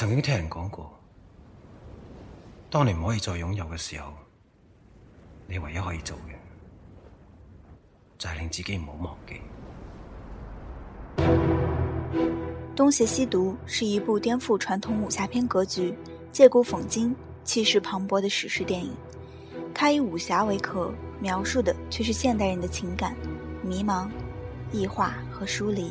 曾經聽人講過，當你唔可以再擁有嘅時候，你唯一可以做嘅就係、是、令自己唔好忘記。東邪西毒是一部顛覆傳統武俠片格局、借古諷今、氣勢磅礴的史詩電影。它以武俠為殼，描述的卻是現代人的情感、迷茫、異化和疏離。